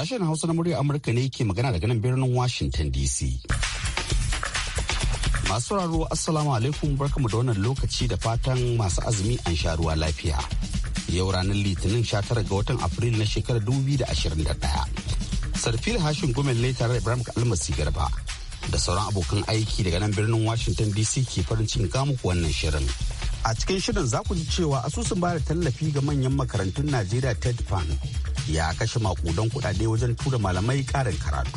Sashen Hausa na murya Amurka ne ke magana daga nan birnin Washington DC. Masu raro Assalamu alaikum barkamu da wannan lokaci da fatan masu azumi an sha ruwa lafiya. Yau ranar Litinin 19 ga watan Afrilu na shekarar 2021. Sarfil Hashin gomen ne tare da Ibrahim Almasi Garba da sauran abokan aiki daga nan birnin Washington DC ke farin cikin muku wannan shirin. A cikin shirin za ku ji cewa asusun ba da tallafi ga manyan makarantun Najeriya Ted Fund ya kashe makudan kudade wajen tura malamai karin karatu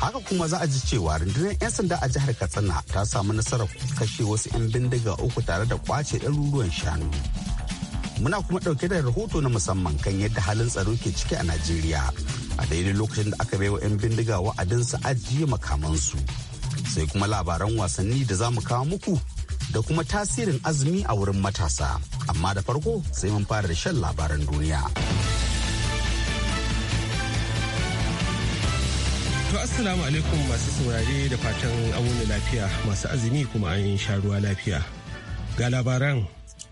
haka kuma za a ji cewa rundunar 'yan sanda a jihar katsina ta samu nasarar kashe wasu 'yan bindiga uku tare da kwace ɗaruruwan shanu muna kuma ɗauke da rahoto na musamman kan yadda halin tsaro ke ciki a najeriya a daidai lokacin da aka baiwa 'yan bindiga wa'adin su ajiye makamansu sai kuma labaran wasanni da za mu kawo muku da kuma tasirin azumi a wurin matasa amma da farko sai mun fara da shan labaran duniya. Assalamu alaikum masu saurare da fatan auni lafiya masu azumi kuma an sha ruwa lafiya. Ga labaran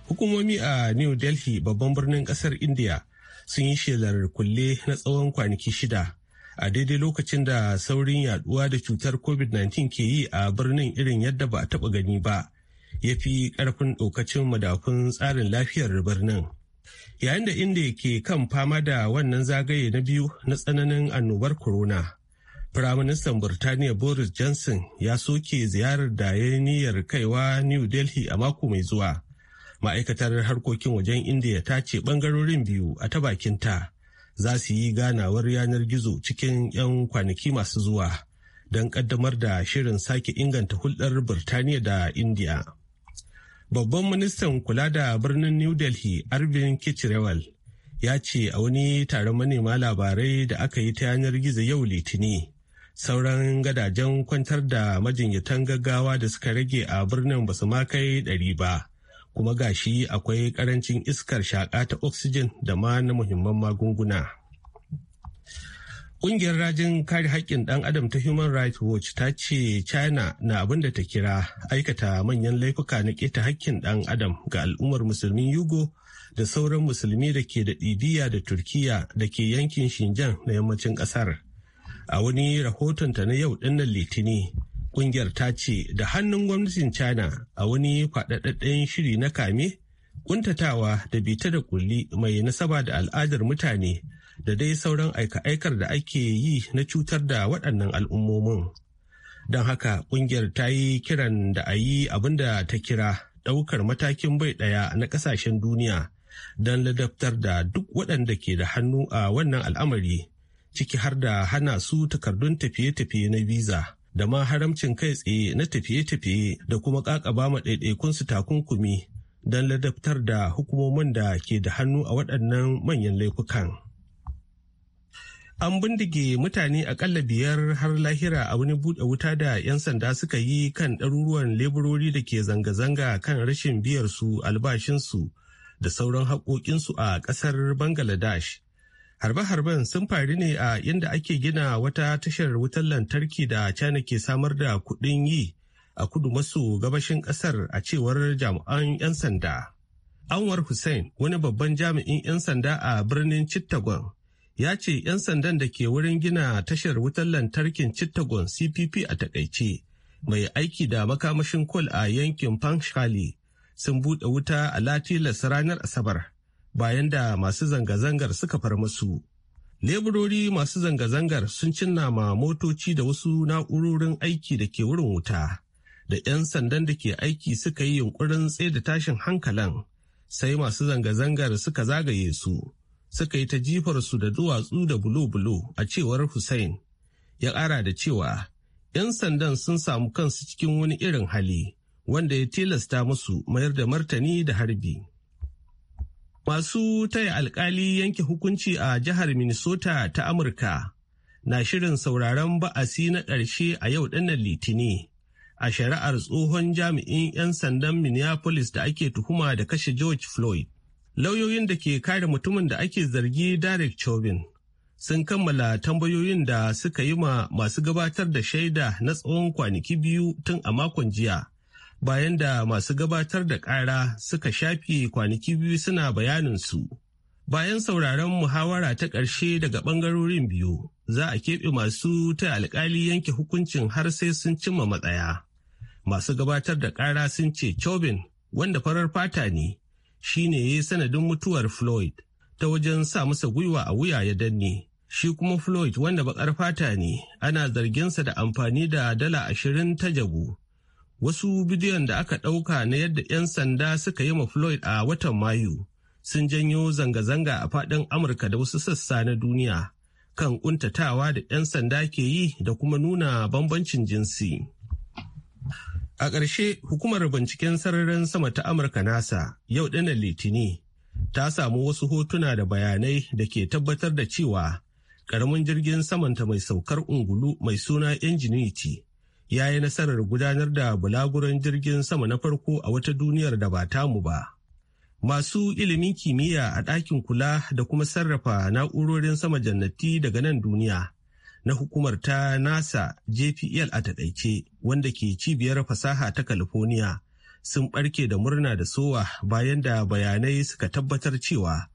hukumomi a New Delhi babban birnin kasar India sun yi shelar kulle na tsawon kwanaki shida a daidai lokacin da saurin yaduwa da cutar COVID-19 ke yi a birnin irin yadda ba a taba gani ba ya fi karfin ɗaukacin madafun tsarin lafiyar birnin. Yayin da inda ke kan fama da wannan zagaye na biyu na tsananin annobar corona. Firaministan Burtaniya Boris Johnson ya soke ziyarar da ya niyyar kaiwa New Delhi a mako mai zuwa. Ma'aikatar harkokin wajen India ta ce bangarorin biyu a ta bakinta za su yi ganawar yanar gizo cikin 'yan kwanaki masu zuwa don kaddamar da shirin sake inganta hulɗar Burtaniya da India. Babban ministan kula da birnin New Delhi Arvind Kichrewal, ya ce a wani taron manema labarai da aka yi ta yanar gizo yau litini sauran gadajen kwantar da majinyatan gaggawa da suka rage a birnin basu ma kai ɗari ba kuma gashi akwai ƙarancin iskar shaƙa ta oxygen da ma na muhimman magunguna. Ƙungiyar rajin kare haƙƙin ɗan adam ta Human Rights Watch ta ce China na abin da ta kira aikata manyan laifuka na keta haƙƙin ɗan adam ga al'ummar musulmin Yugo da sauran musulmi da ke da ɗibiya da Turkiyya da ke yankin shinjan na yammacin ƙasar. a wani rahoton ta na yau dinnan litini ƙungiyar ta ce da hannun gwamnatin china a wani faɗaɗaɗɗen shiri na kame kuntatawa da bita da kulli mai nasaba da al'adar mutane da dai sauran aika-aikar da ake yi na cutar da waɗannan al'ummomin don haka ƙungiyar ta yi kiran da a yi abinda ta kira ɗaukar matakin bai ɗaya na ƙasashen duniya don ladabtar da duk waɗanda ke da hannu a wannan al'amari ciki har da hana su takardun tafiye-tafiye na visa da ma haramcin kai tsaye na tafiye-tafiye da kuma kakaba ma su takunkumi don ladabtar da hukumomin da ke da hannu a waɗannan manyan laifukan. An bindige mutane akalla biyar har lahira a wani buɗe wuta da 'yan sanda suka yi kan ɗaruruwan leburori da ke zanga-zanga kan rashin biyar su albashinsu da sauran haƙoƙinsu a ƙasar Bangladesh. Harbe-harben sun faru ne a inda ake gina wata tashar wutar lantarki da China ke samar da kuɗin yi a kudu maso gabashin ƙasar a cewar jami'an 'yan sanda. Anwar Hussain, wani babban jami'in 'yan sanda a birnin Chittagong, ya ce 'yan sandan da ke wurin gina tashar wutar lantarkin Chittagong CPP a takaice mai aiki da makamashin kol a yankin Panchali sun buɗe wuta a latilas ranar Asabar. bayan da masu zanga-zangar suka far musu. Leburori masu zanga-zangar sun cinna ma motoci da wasu na'urorin aiki da ke wurin wuta, da 'yan sandan da ke aiki suka yi yunkurin da tashin hankalan, sai masu zanga-zangar suka zagaye su, suka yi ta jifar su da duwatsu da bulo-bulo a cewar Hussein. Ya ƙara da cewa, 'yan sandan sun samu kansu cikin wani irin hali, wanda ya tilasta musu mayar da martani da harbi. Masu taya alkali yanke hukunci a jihar Minnesota ta Amurka na shirin sauraron ba'asi na ƙarshe a yau ɗinnan litini a shari'ar tsohon jami'in 'yan sandan Minneapolis da ake tuhuma da kashe George Floyd. Lauyoyin da ke kare mutumin da ake zargi Derek Chauvin sun kammala tambayoyin da suka yi ma masu gabatar da shaida na tsawon kwanaki biyu tun a makon jiya bayan da masu gabatar da ƙara suka shafe kwanaki biyu suna bayanin su. Bayan sauraron muhawara ta ƙarshe daga ɓangarorin biyu, za a keɓe masu ta alƙali yanke hukuncin har sai sun cimma matsaya. Masu gabatar da ƙara sun ce Chauvin, wanda farar fata ne, shi ne ya sanadin mutuwar Floyd ta wajen sa masa gwiwa a wuya ya danne. Shi kuma Floyd wanda baƙar fata ne, ana zarginsa da amfani da dala ashirin ta jabu wasu bidiyon da aka ɗauka na yadda 'yan sanda suka yi ma floyd a watan mayu sun janyo zanga-zanga a faɗin amurka da wasu sassa na duniya kan ƙuntatawa da 'yan sanda ke yi da kuma nuna bambancin jinsi a ƙarshe hukumar binciken sararin sama ta amurka nasa yau ɗana litini ta samu wasu hotuna da bayanai da ke tabbatar da cewa ƙaramin jirgin samanta mai saukar ungulu mai suna ingenuity ya yi nasarar gudanar da bulaguran jirgin sama na farko a wata duniyar da ba tamu ba. Masu ilimin kimiyya a ɗakin kula da kuma sarrafa na'urorin sama jannati daga nan duniya na hukumar ta NASA JPL a taƙaice wanda ke cibiyar fasaha ta California sun ɓarke da murna da sowa bayan da bayanai suka tabbatar cewa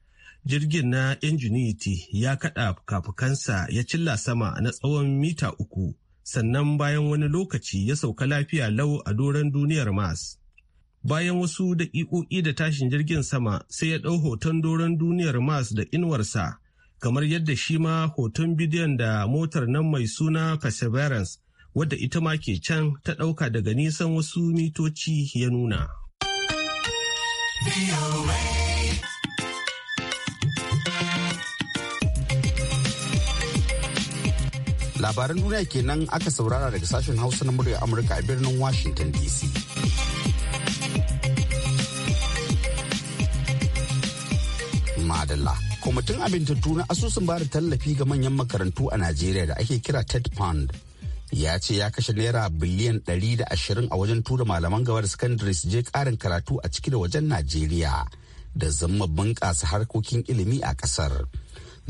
jirgin na Ingenuity ya kaɗa kafukansa ya cilla sama na tsawon mita uku. sannan bayan wani lokaci ya sauka lafiya lau a doron duniyar Mars. Bayan wasu daƙiƙoƙi da tashin jirgin sama sai ya ɗau hoton doron duniyar Mars da inuwarsa, kamar yadda shi ma hoton bidiyon da motar nan mai suna Perseverance wadda ita ma ke can ta ɗauka daga nisan wasu mitoci ya nuna. labaran duniya kenan aka saurara daga sashen hausa na murya amurka a birnin washington dc madalla kwamitin abintattu na asusun bada tallafi ga manyan makarantu a najeriya da ake kira ted pound ya ce ya kashe naira biliyan da ashirin a wajen tura malaman gaba da sakandare su je karin karatu a ciki da wajen najeriya da zama bunƙasa harkokin ilimi a ƙasar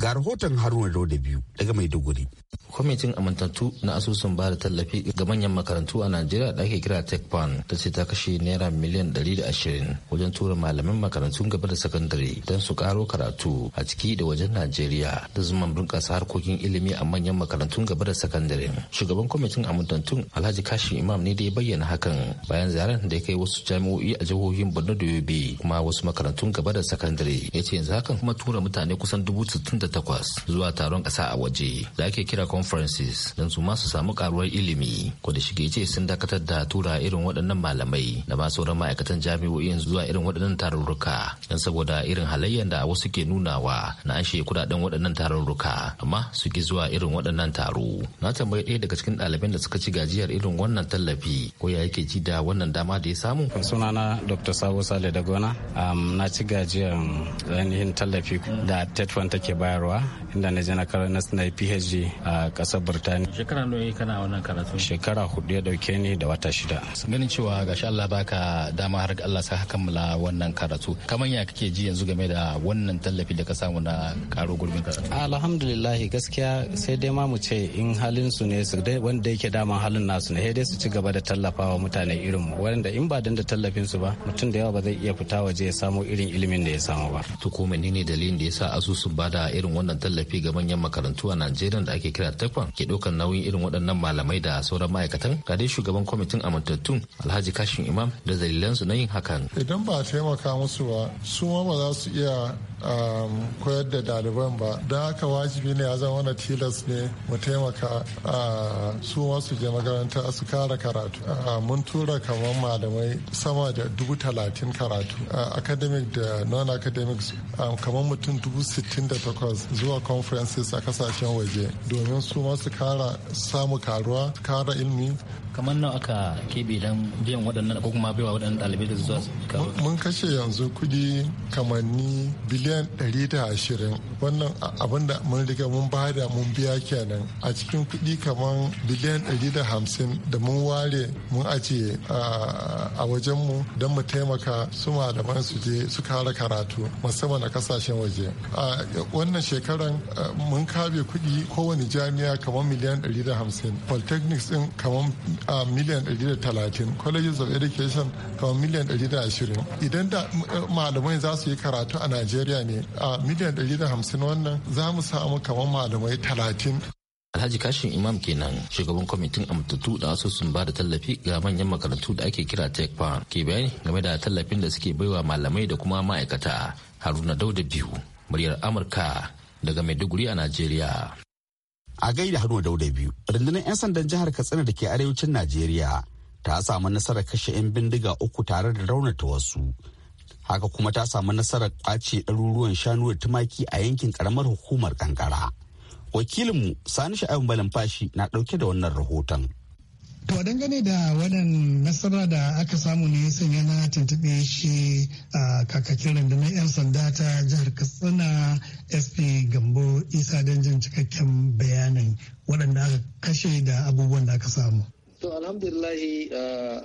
ga rahoton haruna da biyu daga maiduguri kwamitin amintattu na asusun ba da tallafi ga manyan makarantu a najeriya da ake kira tekpan ta ce ta kashe naira miliyan 120 wajen tura malaman makarantun gaba da sakandare don su karo karatu a ciki da wajen najeriya da zuman bunƙasa harkokin ilimi a manyan makarantun gaba da sakandare shugaban kwamitin amintattun alhaji kashi imam ne da ya bayyana hakan bayan ziyarar da ya kai wasu jami'o'i a jihohin borno da yobe kuma wasu makarantun gaba da sakandare ya ce yanzu hakan kuma tura mutane kusan dubu sittin da takwas zuwa taron ƙasa a waje da ake kira lecture conferences don su ma su samu karuwar ilimi ko da shige ce sun dakatar da tura irin waɗannan malamai da ma sauran ma'aikatan jami'o'in zuwa irin waɗannan tarurruka don saboda irin halayyar da wasu ke nunawa na ashe kudaden waɗannan tarurruka amma su ki zuwa irin waɗannan taro na tambayi ɗaya daga cikin ɗaliban da suka ci gajiyar irin wannan tallafi ko ya yake ji da wannan dama da ya samu sunana dr sabo sale da gona na ci gajiyar ainihin tallafi da tetwan take bayarwa inda na je na karar na phd a a kasar birtaniya shekara nawa kana wannan karatu shekara hudu ya dauke ni da wata shida ganin cewa gashi Allah baka dama har Allah sa ka kammala wannan karatu kamar ya kake ji yanzu game da wannan tallafi da ka samu na karo gurbin karatu alhamdulillah gaskiya sai dai ma mu ce in halin su ne su dai wanda yake dama halin nasu ne sai dai su ci gaba da tallafawa mutane irin mu wanda in ba dan da tallafin su ba mutum da yawa ba zai iya fita waje ya samu irin ilimin da ya samu ba to ko menene dalilin da yasa asusun bada irin wannan tallafi ga manyan makarantu a Najeriya da ake kira takwan ke ɗaukar nauyin irin waɗannan malamai da sauran ma'aikatan ga dai shugaban kwamitin amintattun alhaji kashin imam da su na yin hakan. idan ba a taimaka musu ba su ma ba za su iya um, koyar da ɗaliban ba don haka wajibi ne a zama wani tilas ne mu taimaka su ma su je makaranta su kara karatu mun tura kamar malamai sama da dubu talatin karatu academic da non academic um, kamar mutum dubu sittin da takwas zuwa conferences a kasashen waje domin domin su ma su kara samu karuwa su kara ilimi kamar nawa aka kebe dan biyan waɗannan ko kuma baiwa waɗannan ɗalibai da zuwa mun kashe yanzu kudi kamanni biliyan 120 wannan abinda da mun riga mun bada mun biya kenan a cikin kudi kaman biliyan 150 da mun ware mun ajiye a wajenmu don mu taimaka su malaman su je su kara karatu musamman a kasashen waje wannan shekaran mun kabe kudi kowane jami'a kamar miliyan 150 polytechnics din kamar miliyan 130 colleges of education kamar miliyan 120 idan da malamai za su yi karatu a Nigeria ne a miliyan 150 wannan za mu samu kamar malamai 30 Alhaji Kashin Imam kenan shugaban kwamitin amintattu da asusun ba da tallafi ga manyan makarantu da ake kira tekfa ke bayani game da tallafin da suke baiwa malamai da kuma ma'aikata Haruna Dauda biyu muryar Amurka daga Maiduguri a Najeriya. a gaida hannu dauda biyu rundunar 'yan sandan jihar katsina da ke arewacin najeriya ta samu nasarar kashe 'yan bindiga uku tare da raunata wasu haka kuma ta samu nasarar kwace ɗaruruwan shanu da tumaki a yankin ƙaramar hukumar kankara wakilinmu sani sha'ayin balamfashi na ɗauke da wannan rahoton To dangane da wannan nasara da aka samu ne sun yana tuntuɓe shi a kakakin rundunar 'yan sanda ta jihar Katsina SP Gambo Isa don jin cikakken bayanin waɗanda aka kashe da abubuwan da aka samu. To alhamdulillahi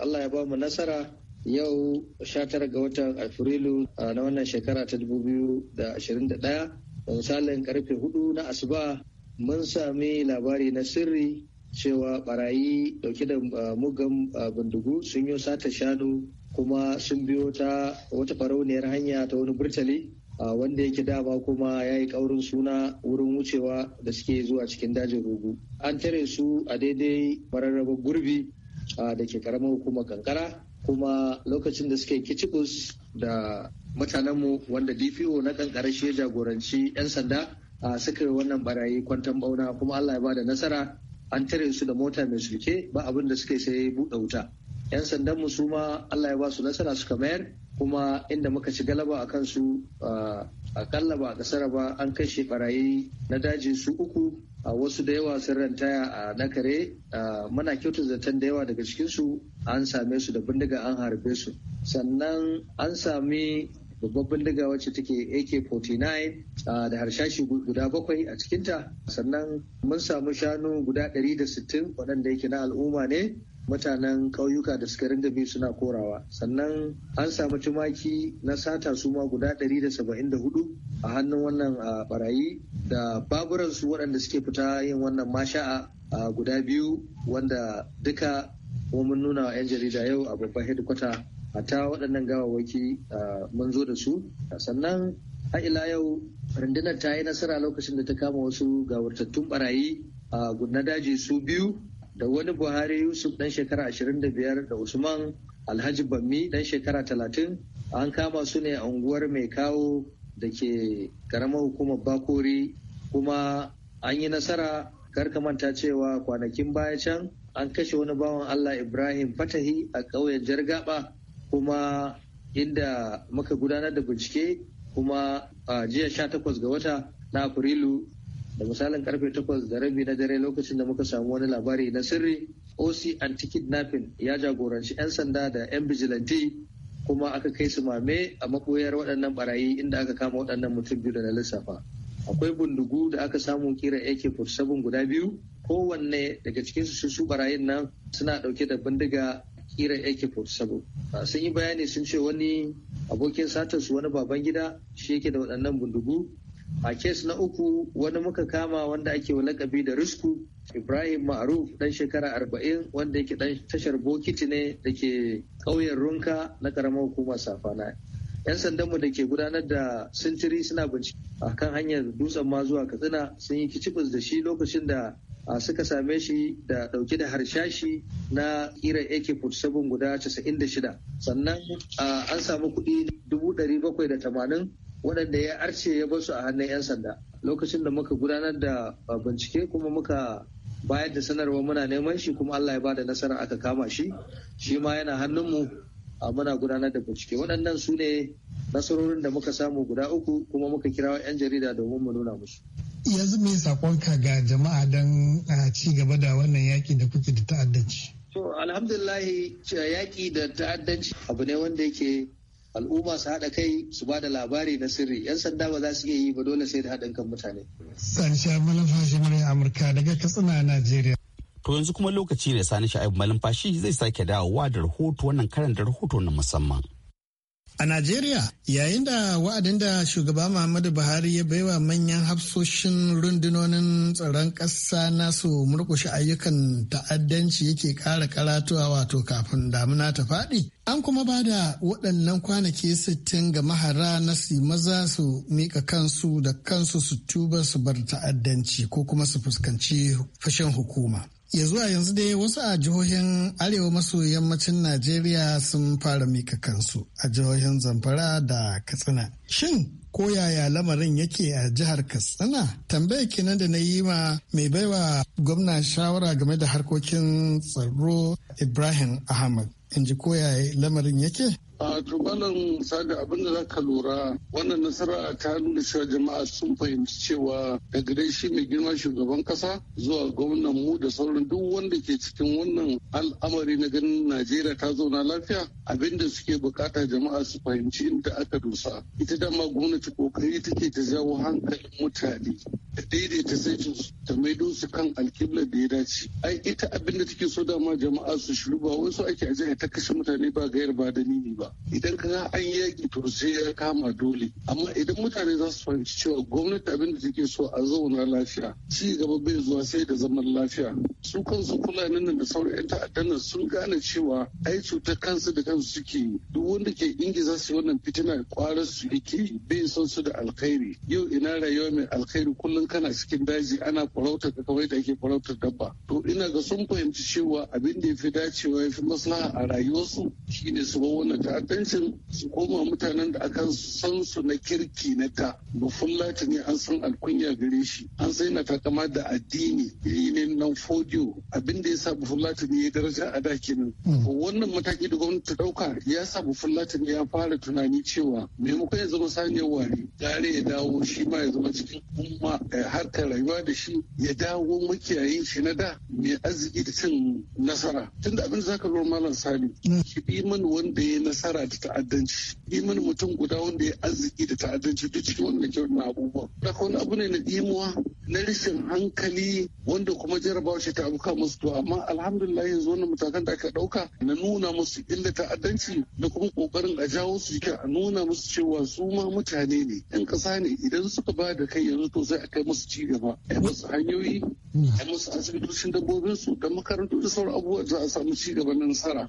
Allah ya ba mu nasara yau 19 ga watan Afrilu na wannan shekara ta 2021 misalin karfe 4 na asuba mun sami labari na sirri cewa barayi dauke da ah, mugan ah, bindigu sun yi sata shanu kuma sun biyo ta wata farauniyar hanya ta wani burtali ah, wanda yake dama kuma ya yi kaurin suna wurin wucewa da suke zuwa cikin dajin rugu an tare su a daidai mararraba gurbi da ke karamar hukumar kankara kuma lokacin da suke kicibus da mutanenmu wanda dpo na kankara shi ya jagoranci 'yan sanda suka yi wannan barayi kwantan bauna kuma allah ya ba da nasara an tare su da mota mai sulke ba abin da suka sai buɗe wuta yan sandan mu su ma Allah ya ba su nasara suka mayar kuma inda muka ci galaba a kansu kalla ba a kasar ba an kashe barayi na daji su uku a wasu da yawa sun rantaya a na kare muna kyautar zaton da yawa daga cikinsu an same su da bindiga an harbe su sannan an sami Babban bindiga wacce take AK-49 ah, da harshashi guda bakwai a cikinta sannan mun samu shanu guda 160 waɗanda yake na al'umma ne mutanen ƙauyuka da suka ringa bi suna korawa sannan an samu tumaki na sata su ma guda 174 a hannun wannan barayi ah, da baburansu waɗanda suke fita yin wannan masha'a ah, guda biyu wanda duka mun nuna wa 'yan jarida yau a babban hedikwata a ta waɗannan gawawaki mun zo da su sannan ila yau rundunar ta yi nasara lokacin da ta kama wasu gawartattun barayi a gudna daji su biyu da wani buhari yusuf dan shekara 25 da usman alhaji bammi dan shekara 30 an kama su ne a unguwar mai kawo da ke karamar hukumar bakori kuma an yi nasara karkamanta manta cewa kwanakin baya can an kashe wani bawan allah ibrahim fatahi a ƙauyen jargaba kuma inda muka gudanar da bincike kuma a jiya sha takwas ga wata na afrilu da misalin karfe takwas da rabi na dare lokacin da muka samu wani labari na sirri oc anti-kidnapping ya jagoranci 'yan sanda da 'yan vigilante kuma aka kai su mame a makoyar waɗannan barayi inda aka kama waɗannan mutum biyu da na lissafa akwai bindigu da aka samu kira ak-47 guda biyu kowanne daga cikin su su barayin nan suna ɗauke da bindiga kira AK-47 ah, sun yi bayani sun ce wani abokin satar wani baban gida shi yake da waɗannan bindigu a kes na uku wani muka kama wanda ake wa lakabi da risku ibrahim ma'aruf dan shekara arba'in wanda yake dan tashar bokiti ne da ke ƙauyen runka na ƙaramar hukumar safana yan sandanmu da ke gudanar da sintiri suna bincike a kan hanyar dutsen ma zuwa katsina sun yi kicibis da shi lokacin da suka same shi da dauke da harshashi na iran ak-47 guda 96 sannan an samu kuɗi 780 waɗanda ya arce ya basu a hannun 'yan sanda lokacin da muka gudanar da bincike kuma muka bayar da sanarwa muna neman shi kuma allah ya bada nasara aka kama shi shi ma yana hannunmu a muna gudanar da bincike waɗannan su ne nasarorin da muka samu guda uku kuma muka kirawa 'yan jarida domin mu nuna musu yanzu me sakonka ga jama'a don a ci gaba da wannan yaki da kuke da ta'addanci to alhamdulillahi yaki da ta'addanci abu ne wanda yake al'umma su haɗa kai su ba da labari na sirri yan sanda ba za su iya yi ba dole sai da haɗin kan mutane sani sha'ib malumfashi amurka daga katsina a najeriya to yanzu kuma lokaci da sani sha'ib malumfashi zai sake dawowa da rahoto wannan karan rahoto na musamman A Najeriya, yayin da wa'adin da shugaba Muhammadu Buhari ya baiwa manyan hafsoshin rundunonin tsaron ƙasa nasu murkushe ayyukan ta'addanci yake ƙara karatuwa wato kafin damuna ta faɗi, an kuma ba da waɗannan kwanaki sittin ga mahara na su maza su miƙa kansu da kansu su tuba su bar ta'addanci ko kuma su fuskanci fashin hukuma. ya zuwa yanzu dai wasu a jihohin arewa maso yammacin najeriya sun fara mika kansu a jihohin zamfara da katsina shin ko yaya lamarin yake a jihar katsina tambaya kenan da na yi ma mai baiwa gwamna shawara game da harkokin tsaro ibrahim ahmad in ji ko yaya lamarin yake a tubalan sada abin da zaka lura wannan nasara ta nuna cewa jama'a sun fahimci cewa daga dai shi mai girma shugaban kasa zuwa gwamnan mu da sauran duk wanda ke cikin wannan al'amari na ganin najeriya ta zauna lafiya abin da suke bukata jama'a su fahimci inda aka dusa ita dama gwamnati kokari take ta jawo hankalin mutane da daidaita saitin su ta maido su kan alƙiblar da ya dace ai ita abin da take so dama jama'a su shiru ba wai so ake ajiya ta kashe mutane ba gayar ba nini ba idan ka ga an yaƙi to sai ya kama dole amma idan mutane za su fahimci cewa gwamnati abin da take so a zauna lafiya ci gaba bai zuwa sai da zaman lafiya su kansu fulanin nan da sauran 'yan ta'addan sun gane cewa ai cutar kansu da kansu suke duk wanda ke ingiza su wannan fitina kwarar su yake bai son su da alkhairi yau ina rayuwa mai alkhairi kullum kana cikin daji ana farautar da kawai da ake farautar dabba to ina ga sun fahimci cewa abin da ya fi dacewa ya fi maslaha a rayuwarsu shine su bar wannan ta'addancin su koma mutanen da aka san su na kirki na ta bafullata ne an san alkunya gare shi an sai na takama da addini ne nan fodiyo abin da ya sa bafullata ne ya daraja a da kenan hmm. wannan mataki da gwamnati ta dauka ya sa bafullata ne ya fara tunani cewa maimakon ya zama saniyar ne. gare ya dawo shi ma ya zama cikin umma eh, harkar rayuwa da shi ya dawo makiyayin shi na da mai arziki da cin nasara tunda abin zaka lura malam sani ki bi mana wanda ya nasara da ta'addanci bi mana mutum guda wanda ya arziki da ta'addanci duk cikin wannan kyau na abubuwa da wani abu ne na dimuwa na rashin hankali wanda kuma jarabawa shi ta abuka musu to amma alhamdulillah yanzu wannan matakan da aka dauka na nuna musu illa ta'addanci da kuma kokarin a jawo su jikin a nuna musu cewa su ma mutane ne yan kasa ne idan suka ba da kai yanzu to sai a kai musu ci gaba musu hanyoyi a musu asibitocin dabbobin su da makarantu da sauran abubuwa za a samu ci gaba na nasara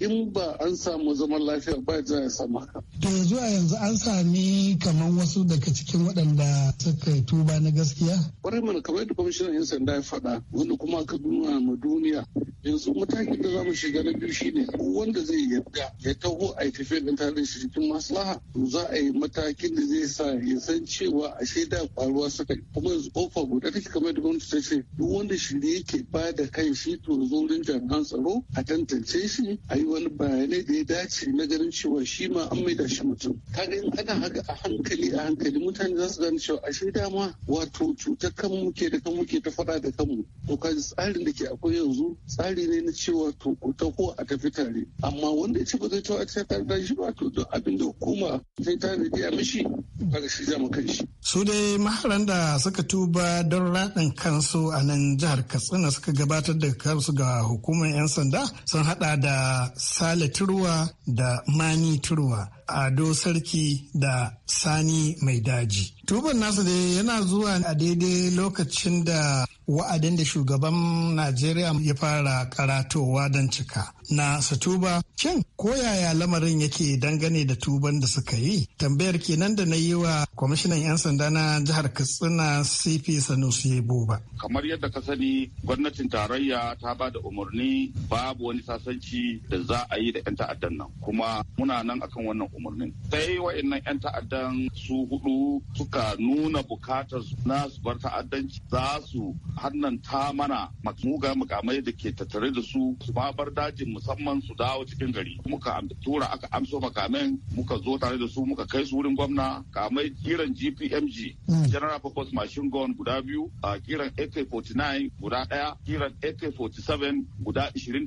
in ba an samu zaman lafiya ba za a samu haka. to yanzu a yanzu an sami kaman wasu daga cikin waɗanda suka tuba na gaskiya. kwarai mana kamar yadda kwamishinan yan sanda ya faɗa wanda kuma aka nuna ma duniya yanzu matakin da zamu shiga na biyu shine wanda zai yarda ya taho a yi tafiya ɗin tare da shi cikin maslaha za a yi matakin da zai sa ya san cewa a shaida kwaruwa suka kuma yanzu ƙofa guda take kamar da gwamnati ta ce duk wanda shirye yake ba da kan shi to zo wurin jami'an tsaro a tantance shi a yi wani bayanai da ya dace na ganin cewa shi ma an da shi mutum ga in ana haka a hankali a hankali mutane za su gane cewa ashe dama wato cutar kan muke da kan muke ta faɗa da kanmu to kaji tsarin da ke akwai yanzu tsari ne na cewa to ku ko a tafi tare amma wanda ya ce ba zai taho a tare da shi ba to duk abin da hukuma zai tare da mishi kaga shi mu kai shi. su dai maharan da suka tuba don haɗin kansu a nan jihar katsina suka gabatar da kansu ga hukumar 'yan sanda sun haɗa da sale turwa da mani turwa Ado Sarki da Sani Mai Daji. Tuban nasa dai yana zuwa a daidai lokacin da wa'adin da shugaban Najeriya ya fara karatowa don cika. Na Satuba, kin yaya lamarin yake dangane da tuban da suka yi? Tambayar kenan da na yi wa kwamishinan 'yan sanda na jihar Katsina CP Sanusi Buba. Kamar yadda ka sani gwamnatin tarayya ta ba da umarni babu wani sasanci da za a yi da 'yan ta'addan nan. Kuma muna nan akan wannan umarnin sai wa'annan 'yan ta'addan su hudu suka nuna bukatar na zubar ta'addanci za su hannanta mana muga mukamai da ke tattare da su su ma bar dajin musamman su dawo cikin gari muka tura aka amso makamen muka zo tare da su muka kai su wurin gwamna kamai kiran gpmg hmm. general purpose machine gun guda biyu a kiran ak-49 guda daya kiran ak-47 guda 23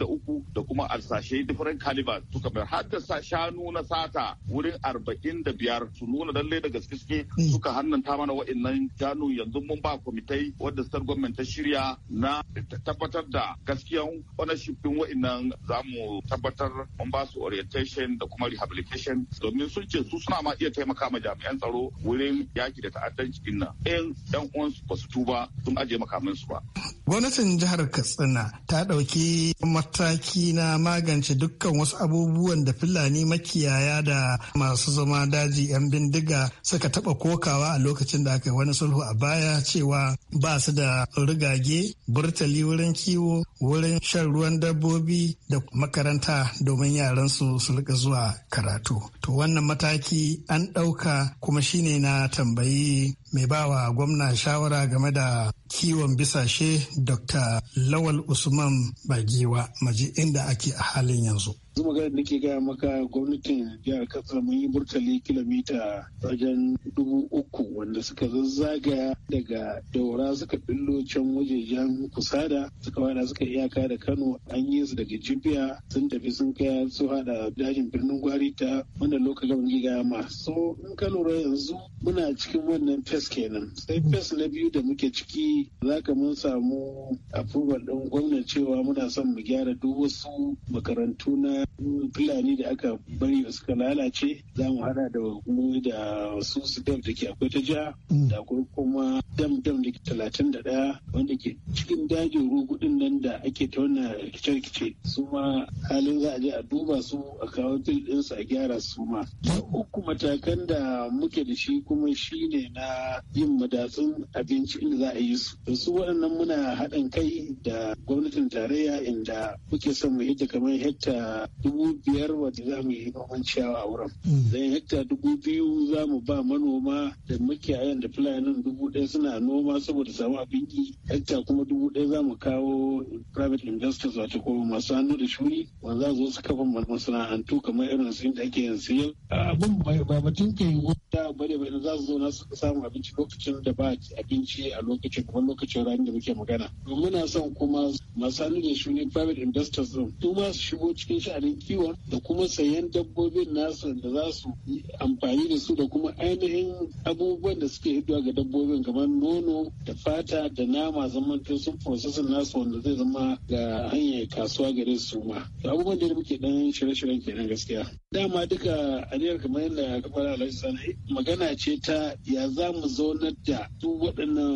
da kuma alsashe different caliber suka bar haddasa shanu na sata wurin arba'in da biyar su nuna lallai da gaske suke mm. suka hannanta mana wa'annan shanu yanzu mun ba kwamitai wadda star gwamnati ta shirya na tabbatar da gaskiyan ownership din wa'annan za mu tabbatar mun ba su orientation da kuma rehabilitation domin sun ce su suna ma iya taimaka ma jami'an tsaro wurin yaki da ta'addanci din nan ɗayan ɗan uwansu ba su tuba sun aje makamansu ba. Gwamnatin jihar Katsina ta ɗauki mataki na magance dukkan wasu abubuwan da Fulani makiyaya da masu zama daji 'yan bindiga suka taɓa kokawa a lokacin da aka yi wani sulhu a baya cewa ba su da rigage burtali wurin kiwo wurin shan ruwan dabbobi da makaranta domin yaransu su rika zuwa karatu to wannan mataki an ɗauka kuma shine na tambayi mai bawa gwamna shawara game da kiwon bisashe dr lawal usman bagiwa maji inda ake a halin yanzu yanzu magana da nake gaya maka gwamnatin jihar katsina mun yi burtali kilomita wajen dubu uku wanda suka zazzagaya daga daura suka billo can wajejen kusada suka wada suka iyaka da kano an yi su daga jibiya sun tafi sun kai su hada dajin birnin gwari ta wanda lokacin giga ma so in ka lura yanzu muna cikin wannan fes kenan sai fes na biyu da muke ciki za ka mun samu approval din gwamnati cewa muna son mu gyara duk wasu makarantu na fulani da aka bari suka lalace za mu hada da mu da su su da ke akwai ta Abuja mm. da akwai kuma dam dam da ke talatin da ɗaya wanda ke cikin dajin rugudin nan da ake ta wannan rikice-rikice su ma halin za a je a duba su a kawo bil ɗinsu a gyara su ma. Na uku matakan da muke da shi kuma shi ne na yin madatsun abinci inda za a yi su. su waɗannan muna haɗin kai da gwamnatin tarayya inda muke son mu yadda kamar hekta dubu biyar wadda za mu yi noman ciyawa a wurin. yi mm. hekta dubu biyu za mu ba manoma da makiyayan da fulani dubu ɗaya suna noma saboda samu abinci yi hekta kuma dubu ɗaya za mu kawo private investors wato ko masu hannu da shuni wanda za zo su kafa masana'antu kamar irin su inda ake yanzu yau. abin ba batun ke wuta ba ne ba za su na su samu abinci lokacin da ba abinci a lokacin kuma lokacin rani da muke magana muna son kuma masu hannu da shuni private investors din su ma su shigo cikin sha'anin kiwon da kuma sayan dabbobin nasu da za su yi amfani da su da kuma ainihin abubuwa abubuwan da suke hidduwa ga dabbobin kamar nono da fata da nama zaman to sun processing nasu wanda zai zama ga hanyar kasuwa gare su ma abubuwan da muke dan shirye-shiryen kenan gaskiya dama duka aniyar kamar yadda kamar alhaji sanayi magana ce ta ya za mu zaunar da duk waɗannan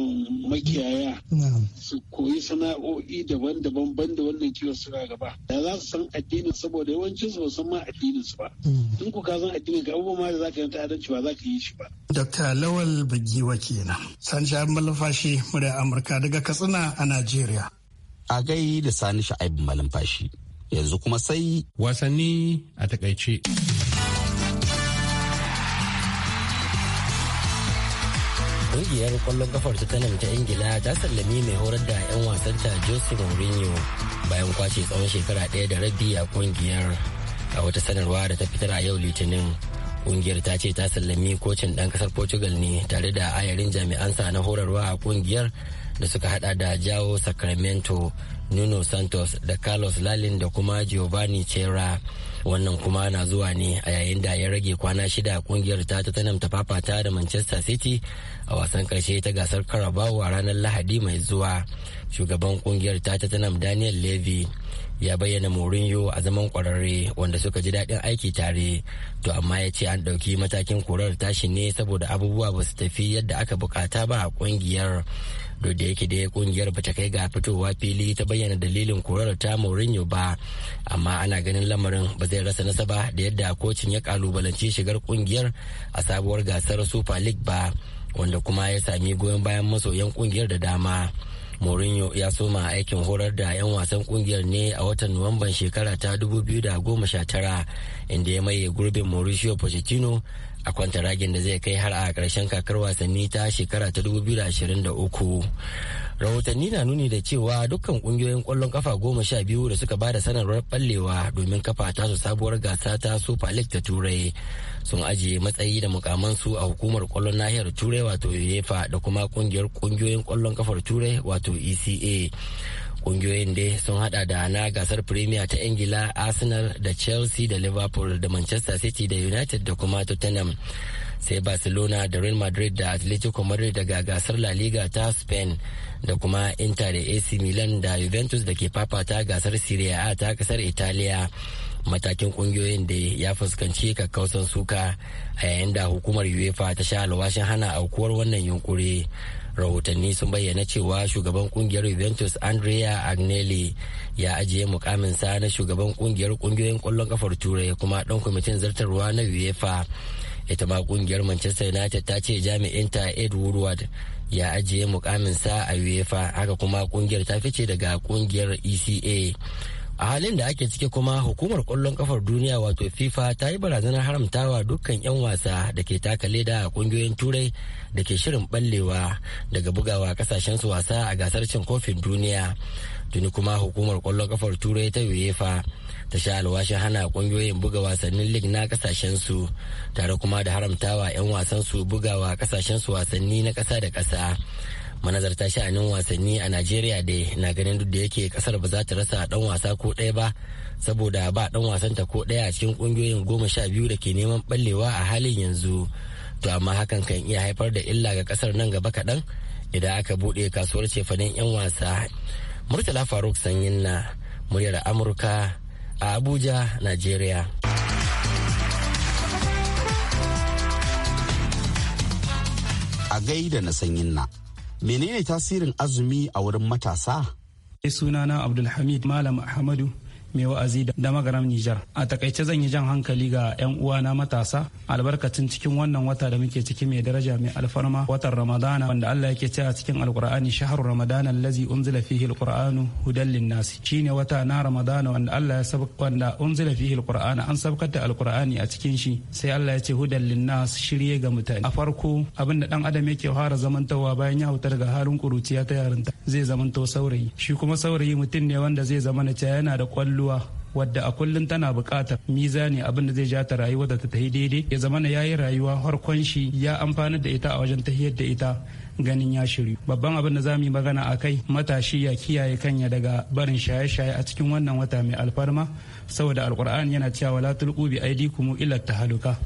makiyaya su koyi sana'o'i daban-daban banda wannan kiwon suka gaba da za su san addinin saboda yawancin su san ma addinin su ba mm. in ku ka san addinin ka abubuwa ma da za ka yi ta'addanci ba za ka yi shi ba. Dr. Lawal Bagiwa kenan. Sanjiyar Malafashi, Murya Amurka daga Katsina a Najeriya. A gai da Sani Sha'ib Malafashi. yanzu kuma sai wasanni a takaice. Ƙungiyar ƙwallon kafar Tottenham ta Ingila ta sallami mai horar da 'yan wasanta Jose Mourinho bayan kwace tsawon shekara ɗaya da rabi a ƙungiyar. A wata sanarwa da ta fitar a yau Litinin, ƙungiyar ta ce ta sallami kocin ɗan ƙasar Portugal ne tare da ayarin jami'ansa na horarwa a ƙungiyar da suka haɗa da Jao Sacramento nuno santos da carlos lalin da kuma giovanni chera wannan kuma na zuwa ne a yayin da ya rage kwana shida kungiyar ta tottenham ta fafata da manchester city a wasan karshe ta gasar karabawa ranar lahadi mai zuwa shugaban kungiyar ta tottenham daniel levy ya bayyana mourinho a zaman kwararre wanda suka ji daɗin aiki tare to amma ya ce an ɗauki matakin korar tashi ne saboda abubuwa ba su tafi yadda aka bukata ba a kungiyar duk da yake dai kungiyar bata kai ga fitowa fili ta bayyana dalilin korar ta Mourinho ba amma ana ganin lamarin ba zai rasa nasaba da yadda kocin ya kalubalance shigar kungiyar a sabuwar gasar Super League ba wanda kuma ya sami goyon bayan masoyan kungiyar da dama Mourinho ya soma aikin horar da 'yan wasan kungiyar ne a watan Nuwamban shekara ta 2019 inda ya maye gurbin Mauricio Pochettino a kwantaragin da zai kai har a ƙarshen kakar wasanni ta shekara ta 2023. rahotanni na nuni da cewa dukkan kungiyoyin kwallon kafa goma sha biyu da suka bada sanarwar ballewa domin kafa tasu sabuwar gasa ta super league ta turai sun ajiye matsayi da mukamansu a hukumar kwallon nahiyar turai wato uefa da kuma kungiyar kungiyoyin kwallon kafar turai wato eca kungiyoyin dai sun hada da na gasar premier ta ingila arsenal da chelsea da liverpool da manchester city da united da kuma tottenham sai barcelona da real madrid da atletico madrid daga gasar la liga ta spain da kuma inter da ac milan da juventus da ke fafata gasar serie a ta kasar italiya matakin kungiyoyin da ya fuskanci kakkausan suka a yayin da hukumar uefa ta sha alwashin hana aukuwar wannan yunkuri rahotanni sun bayyana cewa shugaban kungiyar juventus andrea agnelli ya ajiye mukaminsa na shugaban kungiyar kungiyoyin kwallon kafar turai kuma dan kwamitin zartarwa na uefa ita ma kungiyar manchester united ta ce jami'inta ed woodward ya ajiye mukaminsa a uefa haka kuma kungiyar ta fice daga kungiyar eca a halin da ake ciki kuma hukumar kwallon kafar duniya wato fifa ta yi barazanar haramtawa dukkan 'yan wasa da ke taka leda a kungiyoyin turai da ke shirin ballewa daga bugawa kasashen su wasa a gasar cin kofin duniya tuni kuma hukumar kwallon kafar turai ta uefa ta sha alwashin hana kungiyoyin buga wasannin lig na kasashen su tare kuma da haramtawa 'yan wasan su bugawa kasashen su wasanni na kasa da kasa manazarta sha'anin wasanni a najeriya dai na ganin duk da yake kasar ba za ta rasa dan wasa ko ɗaya ba saboda ba dan wasanta ko ɗaya a cikin kungiyoyin goma sha biyu da ke neman ballewa a halin yanzu to amma hakan kan iya haifar da illa ga kasar nan gaba kaɗan idan aka buɗe kasuwar cefanen 'yan wasa murtala faruk sanyin na muryar amurka a abuja najeriya a gaida na sanyin na menene tasirin azumi a wurin matasa eh, sunana abdulhamid malam ahmadu mai wa'azi da magaram Nijar. A takaice zan yi jan hankali ga 'yan uwa na matasa albarkacin cikin wannan wata da muke ciki mai daraja mai alfarma watan Ramadana wanda Allah yake a cikin Alkur'ani shahar Ramadana lazi. unzila fihi alqur'anu hudan linnasi shine wata na Ramadana wanda Allah ya sabaka wanda unzila fihi alqur'ana an sabkata. da alqur'ani a cikin shi sai Allah ya ce hudan linnas shirye ga mutane. A farko abin da dan adam yake fara zamantawa bayan ya huta daga halin kuruciya ta yarinta zai zamanto saurayi shi kuma saurayi mutum ne wanda zai zama na yana da kwallo rayuwa wadda a kullum tana buƙatar mizani abin da zai ja ta rayuwa da ta yi daidai ya zama na yayi rayuwa harkon shi ya amfana da ita a wajen tahiyar da ita ganin ya shiryu babban abin da zamu yi magana a kai matashi ya kiyaye kanya daga barin shaye-shaye a cikin wannan wata mai alfarma saboda alkur'ani yana cewa wala tulqu bi aydikum ila tahaluka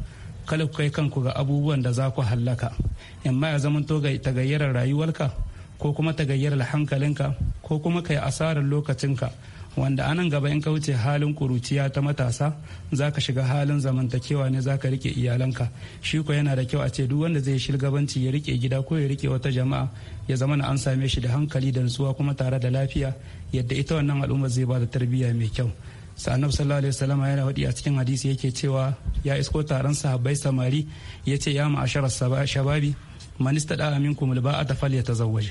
kala ku kai kanku ga abubuwan da za ku hallaka amma ya zama to ga tagayyarar rayuwarka ko kuma tagayyarar hankalinka ko kuma kai asarar lokacinka wanda anan gaba in ka wuce halin kuruciya ta matasa za ka shiga halin zamantakewa ne za ka rike iyalanka shi ko yana da kyau a ce duk wanda zai shilgabanci ya rike gida ko ya rike wata jama'a ya zama na an same shi da hankali da nutsuwa kuma tare da lafiya yadda ita wannan al'umma zai ba da tarbiyya mai kyau sa'annabi sallallahu alaihi wasallam yana faɗi a cikin hadisi yake cewa ya isko taron sahabbai samari yace ya ma'ashara shababi man istada minkum ta falyatazawwaj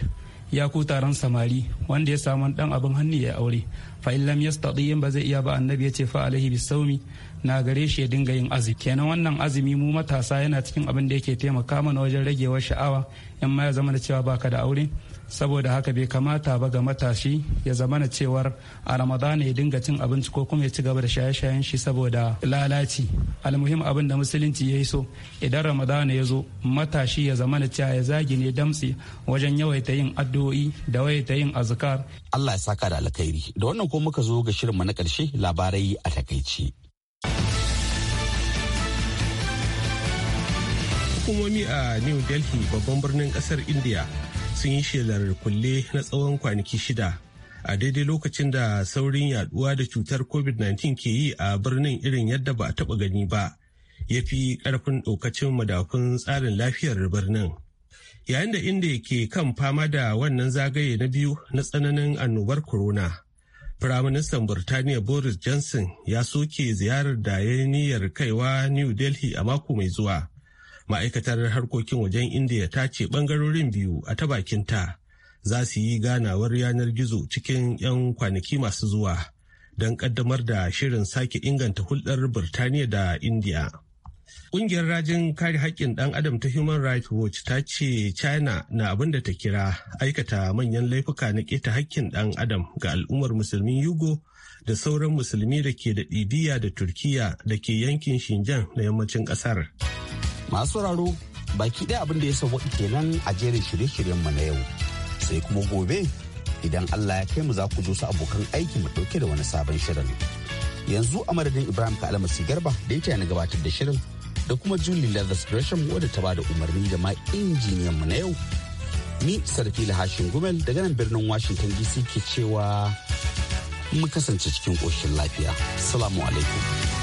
ya ku taron samari wanda ya samu dan abin hannu ya aure fa in lam yastati in ba zai iya ba annabi ya ce fa alaihi bisawmi na gare shi ya dinga yin azumi kenan wannan azumi mu matasa yana cikin abin da yake taimaka mana wajen ragewar sha'awa in ma ya zama da cewa baka da aure saboda haka bai kamata ba ga matashi ya zamana cewar a ramadana ya dinga cin abinci ko kuma ya ci gaba da shaye-shayen shi saboda lalaci almuhim abin da musulunci ya yi so idan ramadana ya zo matashi ya zamana cewa ya zagi ne damtsi wajen yawaita yin addu'o'i da yawaita yin azkar Allah ya saka da alkhairi da wannan ko muka zo ga shirinmu na karshe labarai a takaici hukumomi a new delhi babban birnin kasar india sun yi shelar kulle na tsawon kwanaki shida a daidai lokacin da saurin yaduwa da cutar covid-19 ke yi a birnin irin yadda ba a taba gani ba ya fi karfin ɗaukacin madafun tsarin lafiyar birnin yayin da inda yake kan fama da wannan zagaye na biyu na tsananin annobar corona firaministan burtaniya boris johnson ya soke ziyarar da ya niyyar kaiwa new delhi a mako mai zuwa ma'aikatar harkokin wajen indiya ta ce bangarorin biyu a ta bakinta za su yi ganawar yanar gizo cikin 'yan kwanaki masu zuwa don kaddamar da shirin sake inganta hulɗar birtaniya da indiya Ƙungiyar rajin kare haƙƙin ɗan adam ta Human Rights Watch ta ce China na abin da ta kira aikata manyan laifuka na keta haƙƙin ɗan adam ga al'ummar musulmin Yugo da sauran musulmi da ke da ɗibiya da Turkiya da ke yankin shinjan na yammacin ƙasar. masu sauraro baki ɗaya abin da ya sauwa nan a jerin shirye-shiryenmu na yau sai kuma gobe idan allah ya kai mu za ku zo su abokan aiki mu ɗauke da wani sabon shirin yanzu a madadin ibrahim kalama garba da ya na gabatar da shirin da kuma julie leathers gresham wadda ta bada umarni da ma injiniyan mu na yau ni sarki lahashin gumel daga nan birnin washington dc ke cewa mu kasance cikin koshin lafiya salamu alaikum